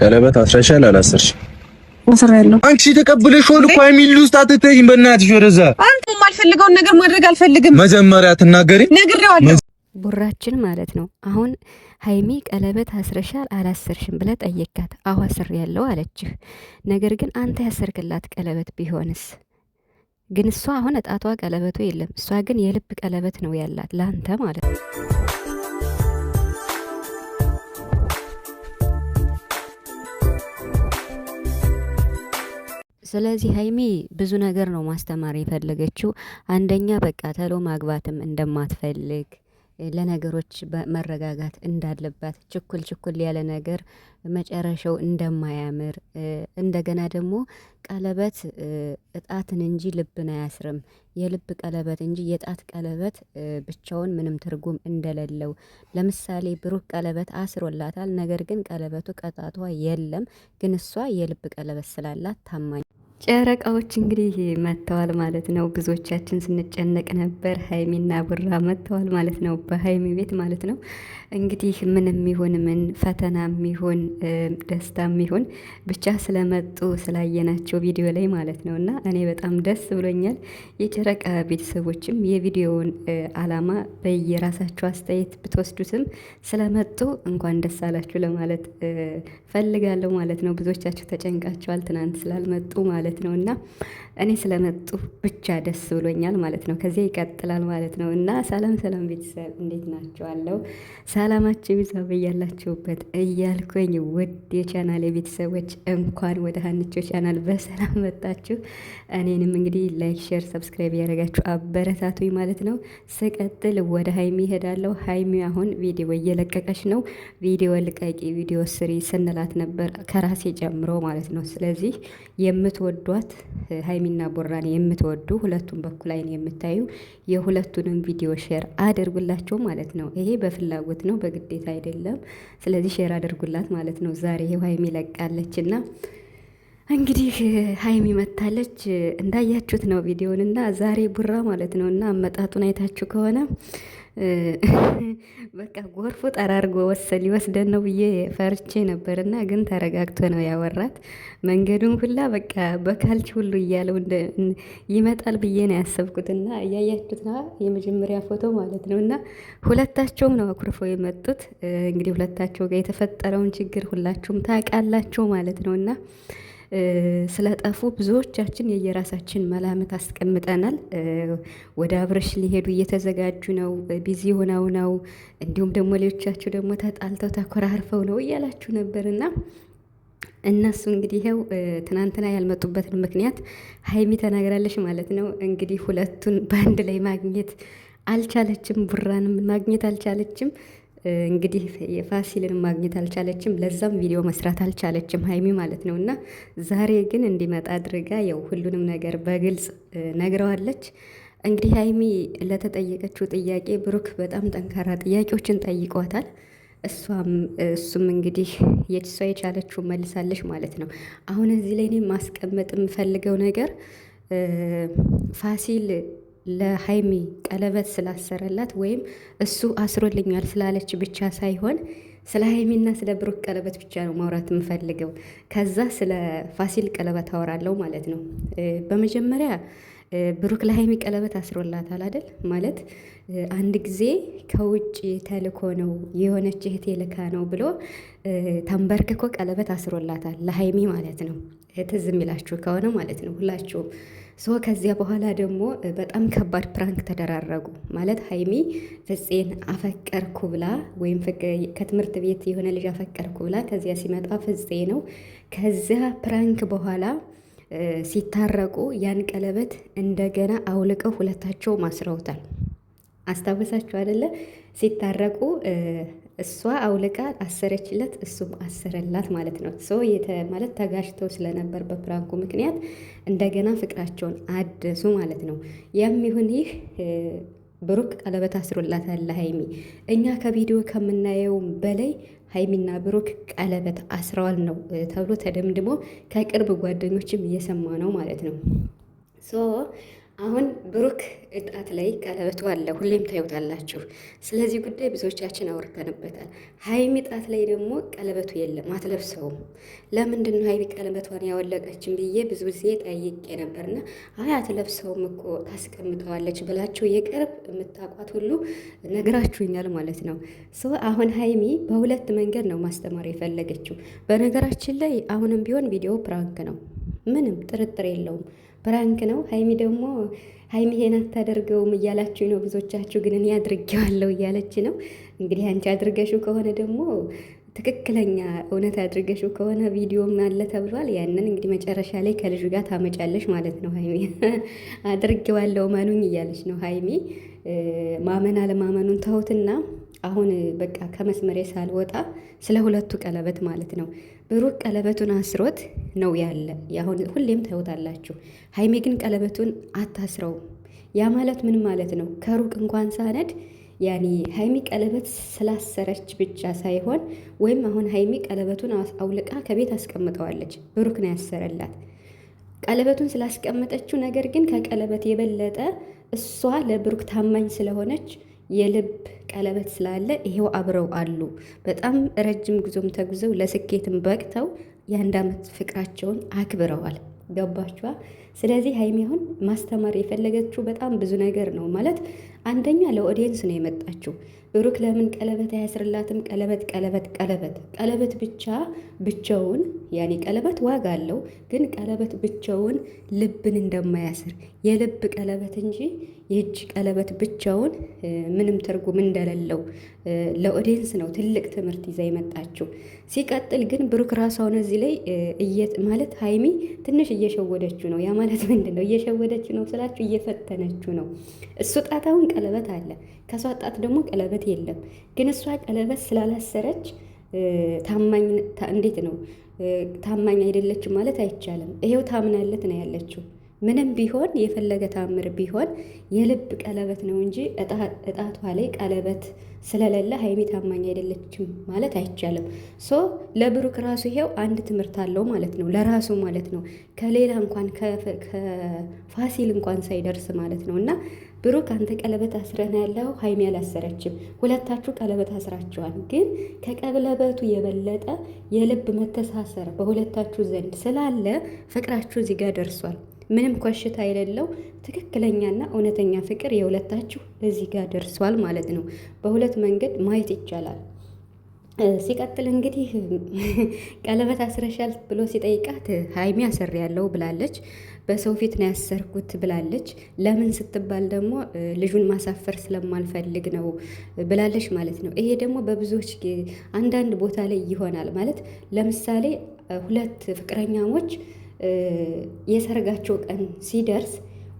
ቀለበት አስረሻል አላሰርሽም? አስሬያለሁ። አንቺ ተቀብለሽ ሆል እኮ የሚል ውስጥ አትተይኝ። በእናትሽ ወደዛ አንተ የማልፈልገውን ነገር ማድረግ አልፈልግም። መጀመሪያ ትናገሪ ነግሬዋለሁ። ቡራችን ማለት ነው። አሁን ሀይሚ ቀለበት አስረሻል አላሰርሽም ብለህ ጠየካት። አስር ያለው አለችህ። ነገር ግን አንተ ያሰርክላት ቀለበት ቢሆንስ? ግን እሷ አሁን እጣቷ ቀለበቱ የለም። እሷ ግን የልብ ቀለበት ነው ያላት ለአንተ ማለት ነው። ስለዚህ ሀይሚ ብዙ ነገር ነው ማስተማር የፈለገችው። አንደኛ በቃ ተሎ ማግባትም እንደማትፈልግ ለነገሮች መረጋጋት እንዳለባት ችኩል ችኩል ያለ ነገር መጨረሻው እንደማያምር እንደገና ደግሞ ቀለበት እጣትን እንጂ ልብን አያስርም፣ የልብ ቀለበት እንጂ የጣት ቀለበት ብቻውን ምንም ትርጉም እንደሌለው። ለምሳሌ ብሩክ ቀለበት አስሮላታል፣ ነገር ግን ቀለበቱ ቀጣቷ የለም። ግን እሷ የልብ ቀለበት ስላላት ታማኝ ጨረቃዎች እንግዲህ መጥተዋል ማለት ነው። ብዙዎቻችን ስንጨነቅ ነበር። ሀይሚና ቡራ መጥተዋል ማለት ነው፣ በሀይሚ ቤት ማለት ነው። እንግዲህ ምንም ይሁን ምን ፈተናም ይሁን ደስታ ይሁን ብቻ ስለመጡ ስላየናቸው ቪዲዮ ላይ ማለት ነው እና እኔ በጣም ደስ ብሎኛል። የጨረቃ ቤተሰቦችም የቪዲዮውን አላማ በየራሳቸው አስተያየት ብትወስዱትም ስለመጡ እንኳን ደስ አላችሁ ለማለት ፈልጋለሁ ማለት ነው። ብዙዎቻችሁ ተጨንቃቸዋል ትናንት ስላልመጡ ማለት ማለት ነው። እና እኔ ስለመጡ ብቻ ደስ ብሎኛል ማለት ነው። ከዚያ ይቀጥላል ማለት ነው። እና ሰላም ሰላም ቤተሰብ እንዴት ናቸዋለው? ሰላማቸው ይብዛ በያላችሁበት እያልኩኝ ውድ የቻናል የቤተሰቦች እንኳን ወደ ሀንቾ ቻናል በሰላም መጣችሁ። እኔንም እንግዲህ ላይክ፣ ሼር፣ ሰብስክራይብ ያደረጋችሁ አበረታቱኝ ማለት ነው። ስቀጥል ወደ ሀይሚ ይሄዳለሁ። ሀይሚ አሁን ቪዲዮ እየለቀቀች ነው። ቪዲዮ ልቀቂ፣ ቪዲዮ ስሪ ስንላት ነበር ከራሴ ጨምሮ ማለት ነው። ስለዚህ የምትወዱ የምትወዷት ሀይሚና ቦራን የምትወዱ ሁለቱን በኩል አይን የምታዩ የሁለቱንም ቪዲዮ ሼር አድርጉላቸው ማለት ነው። ይሄ በፍላጎት ነው፣ በግዴታ አይደለም። ስለዚህ ሼር አድርጉላት ማለት ነው። ዛሬ ይኸው ሀይሚ ለቃለች እና እንግዲህ ሀይሚ መታለች እንዳያችሁት ነው ቪዲዮን እና ዛሬ ቡራ ማለት ነው እና አመጣጡን አይታችሁ ከሆነ በቃ ጎርፉ ጠራርጎ ወሰድ ሊወስደን ነው ብዬ ፈርቼ ነበር እና ግን ተረጋግቶ ነው ያወራት። መንገዱን ሁላ በቃ በካልች ሁሉ እያለው ይመጣል ብዬ ነው ያሰብኩት እና እያያችሁት የመጀመሪያ ፎቶ ማለት ነው እና ሁለታቸውም ነው አኩርፈው የመጡት። እንግዲህ ሁለታቸው ጋር የተፈጠረውን ችግር ሁላችሁም ታውቃላችሁ ማለት ነው እና ስለጠፉ ብዙዎቻችን የየራሳችን መላምት አስቀምጠናል። ወደ አብረሽ ሊሄዱ እየተዘጋጁ ነው፣ ቢዚ ሆነው ነው፣ እንዲሁም ደግሞ ሌሎቻቸው ደግሞ ተጣልተው ተኮራርፈው ነው እያላችሁ ነበርና እነሱ እንግዲህ ይኸው ትናንትና ያልመጡበትን ምክንያት ሀይሚ ተናግራለች ማለት ነው። እንግዲህ ሁለቱን በአንድ ላይ ማግኘት አልቻለችም፣ ቡራንም ማግኘት አልቻለችም። እንግዲህ የፋሲልን ማግኘት አልቻለችም። ለዛም ቪዲዮ መስራት አልቻለችም ሀይሚ ማለት ነው። እና ዛሬ ግን እንዲመጣ አድርጋ ያው ሁሉንም ነገር በግልጽ ነግረዋለች። እንግዲህ ሀይሚ ለተጠየቀችው ጥያቄ ብሩክ በጣም ጠንካራ ጥያቄዎችን ጠይቋታል። እሷም እሱም እንግዲህ የሷ የቻለችው መልሳለች ማለት ነው። አሁን እዚህ ላይ እኔ ማስቀመጥ የምፈልገው ነገር ፋሲል ለሀይሚ ቀለበት ስላሰረላት ወይም እሱ አስሮልኛል ስላለች ብቻ ሳይሆን ስለ ሀይሚና ስለ ብሩክ ቀለበት ብቻ ነው ማውራት የምፈልገው። ከዛ ስለ ፋሲል ቀለበት አወራለሁ ማለት ነው። በመጀመሪያ ብሩክ ለሀይሚ ቀለበት አስሮላታል አይደል? ማለት አንድ ጊዜ ከውጭ ተልኮ ነው የሆነች እህት የልካ ነው ብሎ ተንበርክኮ ቀለበት አስሮላታል ለሀይሚ ማለት ነው። ትዝ የሚላችሁ ከሆነ ማለት ነው ሁላችሁም ሶ ከዚያ በኋላ ደግሞ በጣም ከባድ ፕራንክ ተደራረጉ። ማለት ሀይሚ ፍፄን አፈቀርኩ ብላ ወይም ከትምህርት ቤት የሆነ ልጅ አፈቀርኩ ብላ ከዚያ ሲመጣ ፍፄ ነው። ከዚያ ፕራንክ በኋላ ሲታረቁ ያን ቀለበት እንደገና አውልቀው ሁለታቸው ማስረውታል። አስታወሳችሁ አይደለ? ሲታረቁ እሷ አውልቃ አሰረችለት፣ እሱም አሰረላት ማለት ነው። ሶ ማለት ተጋጭተው ስለነበር በፕራንኩ ምክንያት እንደገና ፍቅራቸውን አደሱ ማለት ነው። ያም ይሁን ይህ ብሩክ ቀለበት አስሮላታል ሀይሚ እኛ ከቪዲዮ ከምናየውም በላይ ሀይሚና ብሩክ ቀለበት አስረዋል ነው ተብሎ ተደምድሞ ከቅርብ ጓደኞችም እየሰማ ነው ማለት ነው ሶ አሁን ብሩክ እጣት ላይ ቀለበቱ አለ፣ ሁሌም ታዩታላችሁ። ስለዚህ ጉዳይ ብዙዎቻችን አውርተንበታል። ሀይሚ እጣት ላይ ደግሞ ቀለበቱ የለም፣ አትለብሰውም። ለምንድን ነው ሀይሚ ቀለበቷን ያወለቀችን ብዬ ብዙ ጊዜ ጠይቄ ነበርና አይ አትለብሰውም እኮ ታስቀምጠዋለች ብላችሁ የቅርብ የምታውቋት ሁሉ ነግራችሁኛል ማለት ነው። አሁን ሀይሚ በሁለት መንገድ ነው ማስተማር የፈለገችው። በነገራችን ላይ አሁንም ቢሆን ቪዲዮ ፕራንክ ነው፣ ምንም ጥርጥር የለውም። ብራንክ ነው። ሀይሚ ደግሞ ሀይሚ ይሄን አታደርገውም እያላችሁ ነው ብዙዎቻችሁ፣ ግን እኔ አድርጌዋለሁ እያለች ነው። እንግዲህ አንቺ አድርገሽው ከሆነ ደግሞ ትክክለኛ እውነት አድርገሽው ከሆነ ቪዲዮም አለ ተብሏል። ያንን እንግዲህ መጨረሻ ላይ ከልጁ ጋር ታመጫለሽ ማለት ነው። ሀይሚ አድርጌዋለሁ መኑኝ እያለች ነው። ሀይሚ ማመን አለማመኑን ተውትና አሁን በቃ ከመስመሬ ሳልወጣ ስለ ሁለቱ ቀለበት ማለት ነው ብሩክ ቀለበቱን አስሮት ነው ያለ ያሁን ሁሌም ታዩታላችሁ። ሀይሜ ግን ቀለበቱን አታስረውም። ያ ማለት ምን ማለት ነው? ከሩቅ እንኳን ሳነድ ያኔ ሀይሚ ቀለበት ስላሰረች ብቻ ሳይሆን ወይም አሁን ሀይሚ ቀለበቱን አውልቃ ከቤት አስቀምጠዋለች። ብሩክ ነው ያሰረላት ቀለበቱን ስላስቀመጠችው። ነገር ግን ከቀለበት የበለጠ እሷ ለብሩክ ታማኝ ስለሆነች የልብ ቀለበት ስላለ ይሄው አብረው አሉ። በጣም ረጅም ጉዞም ተጉዘው ለስኬትም በቅተው የአንድ ዓመት ፍቅራቸውን አክብረዋል። ገባችኋ? ስለዚህ ሀይሚ አሁን ማስተማር የፈለገችው በጣም ብዙ ነገር ነው ማለት አንደኛ ለኦዲየንስ ነው የመጣችው ብሩክ ለምን ቀለበት አያስርላትም? ቀለበት ቀለበት ቀለበት ቀለበት ብቻ ብቻውን ያኔ ቀለበት ዋጋ አለው፣ ግን ቀለበት ብቻውን ልብን እንደማያስር የልብ ቀለበት እንጂ የእጅ ቀለበት ብቻውን ምንም ትርጉም እንደሌለው ለኦዲየንስ ነው ትልቅ ትምህርት ይዛ የመጣችው። ሲቀጥል ግን ብሩክ ራሷውን እዚህ ላይ ማለት ሀይሚ ትንሽ እየሸወደችው ነው። ያ ማለት ምንድን ነው? እየሸወደችው ነው ስላችሁ እየፈተነችው ነው። እሱ ጣታውን ቀለበት አለ፣ ከሷ ጣት ደግሞ ቀለበት ያለበት የለም። ግን እሷ ቀለበት ስላላሰረች ታማኝ እንዴት ነው ታማኝ አይደለችም ማለት አይቻልም። ይሄው ታምናለት ነው ያለችው። ምንም ቢሆን የፈለገ ታምር ቢሆን የልብ ቀለበት ነው እንጂ እጣቷ ላይ ቀለበት ስለሌለ ሀይሚ ታማኝ አይደለችም ማለት አይቻልም። ሶ ለብሩክ ራሱ ይሄው አንድ ትምህርት አለው ማለት ነው፣ ለራሱ ማለት ነው። ከሌላ እንኳን ከፋሲል እንኳን ሳይደርስ ማለት ነው እና ብሩክ አንተ ቀለበት አስረን ያለው ሀይሚ አላሰረችም። ሁለታችሁ ቀለበት አስራችኋል። ግን ከቀለበቱ የበለጠ የልብ መተሳሰር በሁለታችሁ ዘንድ ስላለ ፍቅራችሁ እዚህ ጋር ደርሷል። ምንም ኮሽታ የሌለው ትክክለኛና እውነተኛ ፍቅር የሁለታችሁ እዚህ ጋር ደርሷል ማለት ነው። በሁለት መንገድ ማየት ይቻላል። ሲቀጥል እንግዲህ ቀለበት አስረሻል ብሎ ሲጠይቃት ሀይሚ አሰር ያለው ብላለች። በሰው ፊት ነው ያሰርኩት ብላለች። ለምን ስትባል ደግሞ ልጁን ማሳፈር ስለማልፈልግ ነው ብላለች ማለት ነው። ይሄ ደግሞ በብዙዎች አንዳንድ ቦታ ላይ ይሆናል ማለት ለምሳሌ ሁለት ፍቅረኛሞች የሰርጋቸው ቀን ሲደርስ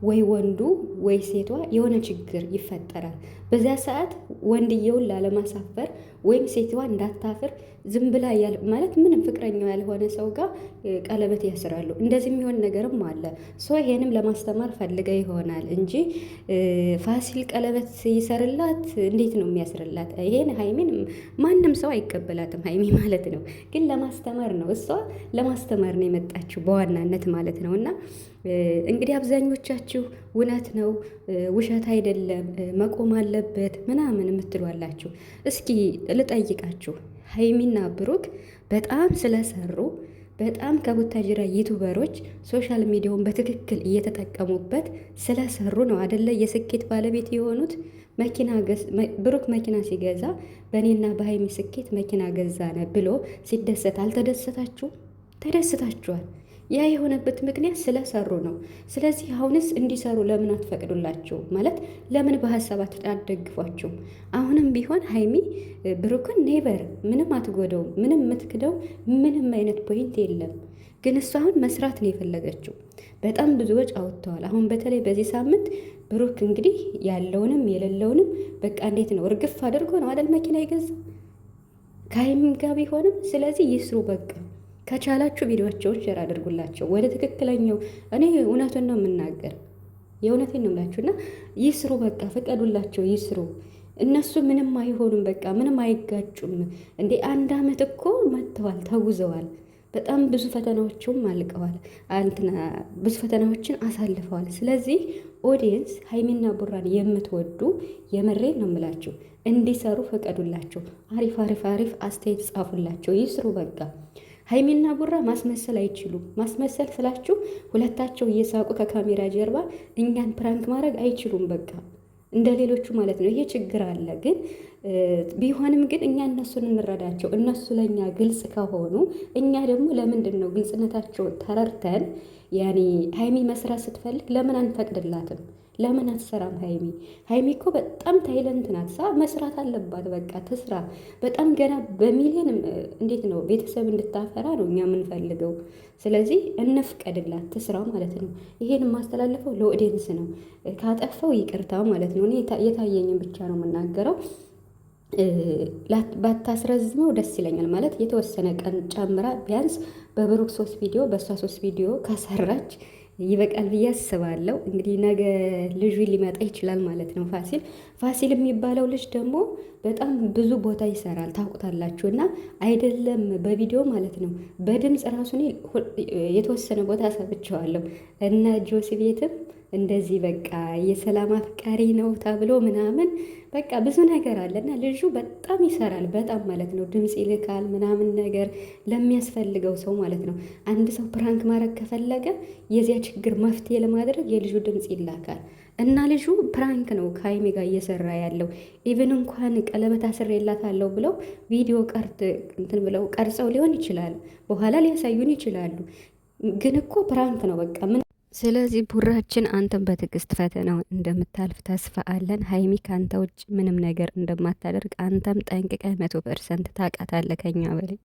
ወይ ወንዱ ወይ ሴቷ የሆነ ችግር ይፈጠራል። በዚያ ሰዓት ወንድየውን ላለማሳፈር ወይም ሴትዋ እንዳታፍር ዝም ብላ ማለት ምንም ፍቅረኛው ያልሆነ ሰው ጋር ቀለበት ያስራሉ። እንደዚህ የሚሆን ነገርም አለ። ሶ ይሄንም ለማስተማር ፈልገ ይሆናል እንጂ ፋሲል ቀለበት ይሰርላት እንዴት ነው የሚያስርላት? ይሄን ሀይሚን ማንም ሰው አይቀበላትም። ሀይሚ ማለት ነው። ግን ለማስተማር ነው፣ እሷ ለማስተማር ነው የመጣችው በዋናነት ማለት ነው። እና እንግዲህ አብዛኞቻችሁ እውነት ነው ውሸት አይደለም መቆም አለ አለበት ምናምን የምትሏላችሁ፣ እስኪ ልጠይቃችሁ። ሀይሚና ብሩክ በጣም ስለሰሩ በጣም ከቡታጅራ ዩቱበሮች ሶሻል ሚዲያውን በትክክል እየተጠቀሙበት ስለሰሩ ነው አደለ የስኬት ባለቤት የሆኑት። ብሩክ መኪና ሲገዛ በእኔና በሀይሚ ስኬት መኪና ገዛነ ብሎ ሲደሰት አልተደሰታችሁ? ተደስታችኋል። ያ የሆነበት ምክንያት ስለሰሩ ነው። ስለዚህ አሁንስ እንዲሰሩ ለምን አትፈቅዱላቸው? ማለት ለምን በሀሳብ አትደግፏቸው? አሁንም ቢሆን ሀይሚ ብሩክን ኔቨር ምንም አትጎደው፣ ምንም የምትክደው ምንም አይነት ፖይንት የለም። ግን እሱ አሁን መስራት ነው የፈለገችው። በጣም ብዙ ወጪ አውጥተዋል። አሁን በተለይ በዚህ ሳምንት ብሩክ እንግዲህ ያለውንም የሌለውንም በቃ እንዴት ነው እርግፍ አድርጎ ነው አደል መኪና ይገዛ ከሀይሚ ጋር ቢሆንም። ስለዚህ ይስሩ በቃ ከቻላችሁ ቪዲዮቸውን ሼር አድርጉላቸው ወደ ትክክለኛው። እኔ እውነቱን ነው የምናገር፣ የእውነቴን ነው ምላችሁና ይስሩ፣ በቃ ፍቀዱላቸው፣ ይስሩ። እነሱ ምንም አይሆኑም፣ በቃ ምንም አይጋጩም። እንዴ አንድ አመት እኮ መጥተዋል፣ ተጉዘዋል። በጣም ብዙ ፈተናዎችም አልቀዋል። አንትና ብዙ ፈተናዎችን አሳልፈዋል። ስለዚህ ኦዲየንስ ሀይሚና ቡራን የምትወዱ የመሬ ነው የምላችሁ፣ እንዲሰሩ ፈቀዱላቸው። አሪፍ አሪፍ አሪፍ አስተያየት ጻፉላቸው፣ ይስሩ በቃ ሀይሚና ቡራ ማስመሰል አይችሉም። ማስመሰል ስላችሁ ሁለታቸው እየሳቁ ከካሜራ ጀርባ እኛን ፕራንክ ማድረግ አይችሉም። በቃ እንደ ሌሎቹ ማለት ነው። ይሄ ችግር አለ። ግን ቢሆንም ግን እኛ እነሱን እንረዳቸው። እነሱ ለእኛ ግልጽ ከሆኑ እኛ ደግሞ ለምንድን ነው ግልጽነታቸውን ተረድተን ያኔ ሀይሚ መስራት ስትፈልግ ለምን አንፈቅድላትም? ለምን አትሰራም ሀይሚ? ሀይሚ እኮ በጣም ታይለንት ናት። ሳ መስራት አለባት። በቃ ትስራ። በጣም ገና በሚሊዮን እንዴት ነው ቤተሰብ እንድታፈራ ነው እኛ የምንፈልገው። ስለዚህ እንፍቀድላት፣ ትስራ ማለት ነው። ይሄን የማስተላለፈው ለኦዲየንስ ነው። ካጠፋው ይቅርታ ማለት ነው። እኔ የታየኝን ብቻ ነው የምናገረው። ባታስረዝመው ደስ ይለኛል። ማለት የተወሰነ ቀን ጨምራ ቢያንስ በብሩክ ሶስት ቪዲዮ በእሷ ሶስት ቪዲዮ ካሰራች ይበቃል ብዬ አስባለሁ። እንግዲህ ነገ ልጁ ሊመጣ ይችላል ማለት ነው። ፋሲል ፋሲል የሚባለው ልጅ ደግሞ በጣም ብዙ ቦታ ይሰራል ታውቁታላችሁ። እና አይደለም በቪዲዮ ማለት ነው፣ በድምፅ ራሱን የተወሰነ ቦታ ሰብቸዋለሁ እና ጆሲ ቤትም እንደዚህ በቃ የሰላም አፍቃሪ ነው ተብሎ ምናምን በቃ ብዙ ነገር አለ እና ልጁ በጣም ይሰራል። በጣም ማለት ነው ድምፅ ይልካል ምናምን ነገር ለሚያስፈልገው ሰው ማለት ነው። አንድ ሰው ፕራንክ ማድረግ ከፈለገ የዚያ ችግር መፍትሄ ለማድረግ የልጁ ድምፅ ይላካል እና ልጁ ፕራንክ ነው ከሀይሚ ጋር እየሰራ ያለው። ኢቨን እንኳን ቀለበት አስሬላታለሁ ብለው ቪዲዮ ቀርት እንትን ብለው ቀርጸው ሊሆን ይችላል፣ በኋላ ሊያሳዩን ይችላሉ። ግን እኮ ፕራንክ ነው በቃ ምን ስለዚህ ቡራችን አንተን በትዕግስት ፈተናውን እንደምታልፍ ተስፋ አለን። ሀይሚ ከአንተ ውጭ ምንም ነገር እንደማታደርግ አንተም ጠንቅቀህ መቶ ፐርሰንት ታውቃታለህ ከኛ በላይ